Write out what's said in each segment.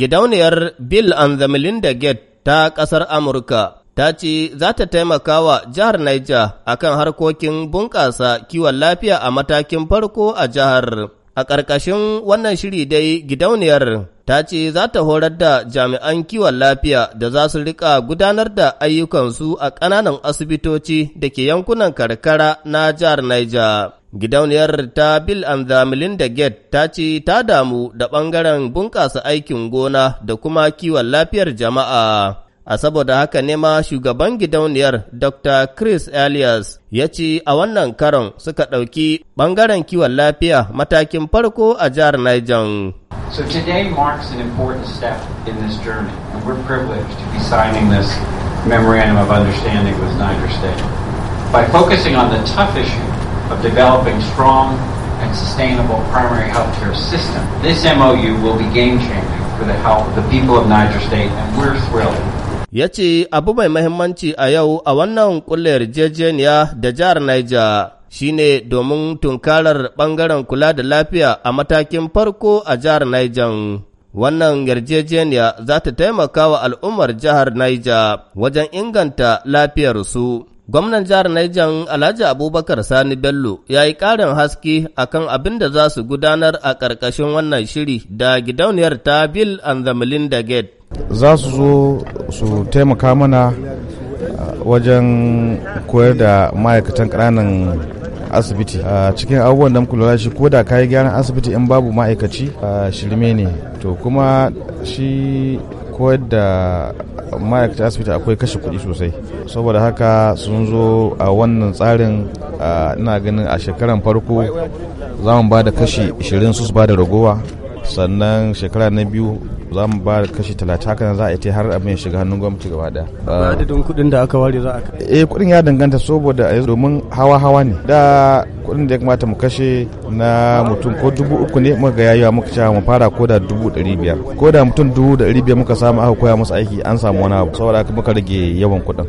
Gidauniyar Bill and the Melinda Gate ta ƙasar Amurka ta ce za ta taimaka wa jihar Niger kan harkokin bunƙasa kiwon lafiya a matakin farko a jihar. A ƙarƙashin wannan shiri dai gidauniyar ta ce za ta horar da jami'an kiwon lafiya da za su riƙa gudanar da ayyukansu a ƙananan asibitoci da ke yankunan karkara na jihar Niger. Gidauniyar ta Bill and the Melinda Gates ta ce ta damu da ɓangaren bunƙasa aikin gona da kuma kiwon lafiyar jama'a. A saboda haka ne ma shugaban gidauniyar Dr. Chris Elias ya ce a wannan karon suka ɗauki ɓangaren kiwon lafiya matakin farko a jihar Niger. So today marks an important step in this journey, and we're privileged to be signing this memorandum of understanding with Niger State. By focusing on the tough issues of developing strong and sustainable primary health care system. This MOU will be game changing for the health of the people of Niger State, and we're thrilled. Ya ce abu mai mahimmanci a yau a wannan kullayar yarjejeniya da jihar Niger shine domin tunkarar ɓangaren kula da lafiya a matakin farko a jihar Niger. Wannan yarjejeniya za ta taimaka wa al'ummar jihar Niger wajen inganta lafiyarsu. Gwamnan jihar Niger Alhaji Abubakar Sani Bello ya yi ƙarin haske a kan abin da za su gudanar a ƙarƙashin wannan shiri da gidauniyar ta Bill and the Melinda Gate. Za su zo su taimaka mana uh, wajen koyar da ma'aikatan ƙananan asibiti a uh, cikin abubuwan da muka lura shi ko da kayi gyaran asibiti in babu ma'aikaci uh, shirme ne to kuma shi koyar da ma'aikata asibiti akwai kashe kuɗi sosai saboda haka sun zo a wannan tsarin ina ganin a shekaran farko za mu ba da kashi 20 su ba da ragowa sannan shekara na biyu za mu ba da kashi talata haka za a yi har abin shiga hannun gwamnati gaba daya. ba ah. adadin kuɗin da aka ware za a kai. eh kuɗin ya danganta saboda a domin hawa hawa ne da kuɗin da ya kamata mu kashe na mutum ko dubu uku ne muka ga yayiwa muka cewa mu fara ko da dubu ɗari biyar ko da mutum dubu ɗari biyar muka samu aka koya musu aiki an samu wani abu saboda haka muka rage yawan kuɗin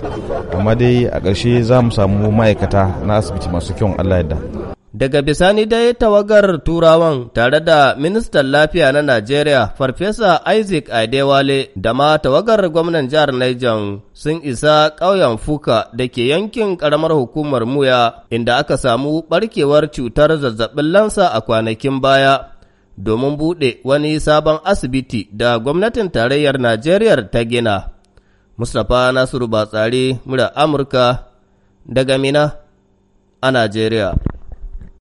amma dai a ƙarshe za mu samu ma'aikata na asibiti masu kyau Allah yadda. Daga bisani dai tawagar Turawan tare da ministan lafiya na Najeriya Farfesa Isaac Adewale da ma tawagar gwamnan jihar Niger sun isa ƙauyen Fuka da ke yankin ƙaramar hukumar Muya inda aka samu ɓarkewar cutar zazzabin lansa a kwanakin baya domin buɗe wani sabon asibiti da gwamnatin tarayyar Najeriya ta gina. Mustapha Nasiru Batsari, Mura Amurka, daga Mina a Najeriya.